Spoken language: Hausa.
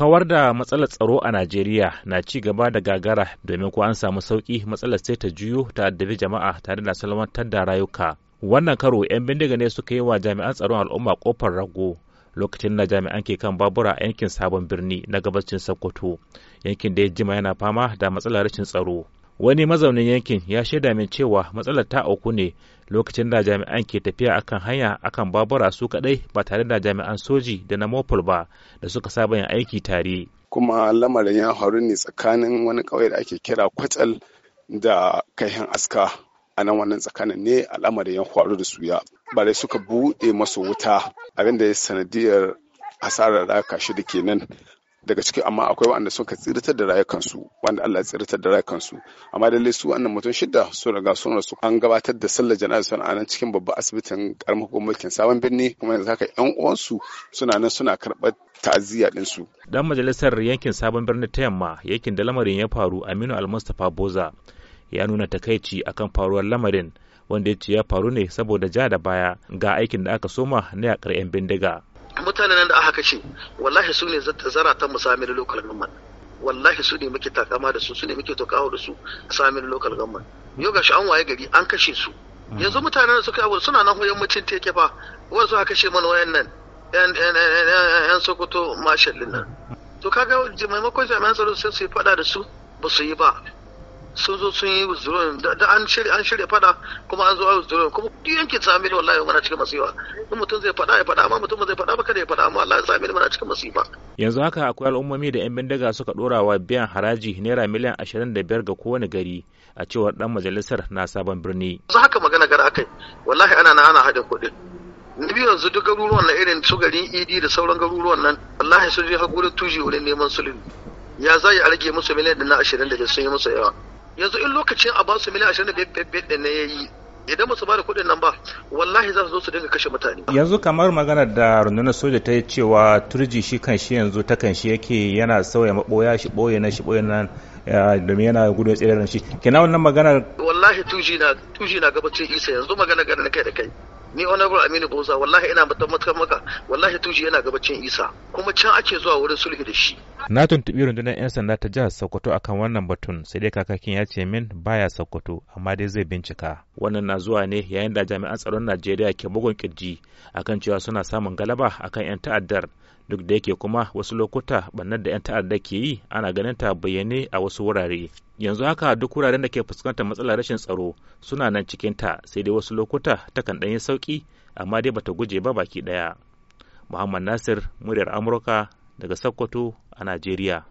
kawar da matsalar tsaro a Najeriya na ci gaba da gagara domin ko an samu sauki matsalar sai ta juyo ta addabi jama'a tare da salwantar da rayuka. Wannan karo 'yan bindiga ne suka yi wa jami'an tsaron al'umma kofar rago lokacin da jami'an ke kan babura a yankin sabon birni na gabacin Sokoto yankin da ya jima yana fama da matsalar rashin tsaro. wani mazaunin yankin ya shaida min cewa matsalar ta auku ne lokacin da jami'an ke tafiya akan hanya akan babura su kadai ba tare da jami'an soji da na mopol ba da suka saba yin aiki tare kuma lamarin ya faru ne tsakanin wani kauye da ake kira kwatsal da kaihin aska a nan wannan tsakanin ne al'amarin ya faru da suya bare suka buɗe masu wuta abinda ya sanadiyar hasarar raka shi da kenan daga ciki amma akwai waɗanda suka tsiritar da rayukansu wanda Allah ya tsiritar da rayukansu amma lallai su wannan mutum shida su riga sun rasu an gabatar da sallar jana'iz a anan cikin babban asibitin karamar gwamnatin sabon birni kuma yanzu haka yan uwansu suna nan suna karɓar ta'aziyya din su. dan majalisar yankin sabon birni ta yamma yankin da lamarin ya faru aminu almustafa boza ya nuna takaici akan faruwar lamarin wanda ya ce ya faru ne saboda ja da baya ga aikin da aka soma na yakar 'yan bindiga mutanen nan da aka kashe wallahi su ne zara ta musamman local government wallahi su ne muke takama da su su ne muke tokawo da su a samin local government yau gashi an waye gari an kashe su mm. yanzu mutanen da suka abu suna nan hoyon mutum teke fa wanda suka kashe mana wayan nan yan sokoto din nan to kaga maimakon jami'an tsaro sai su yi fada da su ba su yi ba sun zo sun yi wuzduron da an shirya an shirya fada kuma an zo a wuzduron kuma duk yankin sami wallahi mana cikin masu yawa in mutum zai fada ya fada amma mutum zai fada faɗa amma Allah ya same mana cikin masifa yanzu haka akwai al'ummomi da yan bindiga suka ɗora wa biyan haraji naira miliyan 25 ga kowane gari a cewar ɗan majalisar na sabon birni yanzu haka magana gara akai wallahi ana na ana haɗin kuɗin na biyu yanzu duk garuruwan na irin su garin idi da sauran garuruwan nan wallahi sun je haƙurin tuji wurin neman sulhu ya za a rage musu miliyan na ashirin da sun yi musu yawa yanzu in lokacin a ba su miliyan ashirin da biyar ne ya yi idan ba su ba da kuɗin nan ba wallahi za su zo su dinga kashe mutane yanzu kamar magana da rundunar soja ta yi cewa turji shi kan shi yanzu ta kan shi yake yana sauya maboya shi ɓoye na shi ɓoye nan eh, domin yana gudun tsirar shi kina wannan magana wallahi tuji na tuji na gabacin isa yanzu magana na kai da kai ni honorable aminu Busa wallahi ina matakar maka wallahi tuji yana gabacin isa kuma can ake zuwa wurin sulhu da shi na tuntubi rundunar 'yan sanda ta jihar sokoto akan wannan batun sai dai kakakin ya ce min baya sokoto amma dai zai bincika wannan na zuwa ne yayin da jami'an tsaron najeriya ke bugun kirji akan cewa suna samun galaba akan 'yan ta'addar duk da yake kuma wasu lokuta bannar da 'yan ta'adda ke yi ana ganin ta bayyane a wasu wurare yanzu haka duk wuraren da ke fuskantar matsalar rashin tsaro suna nan cikin ta sai dai wasu lokuta takan ɗanyi sauki amma dai bata guje ba baki ɗaya muhammad nasir muryar amurka daga sokoto a najeriya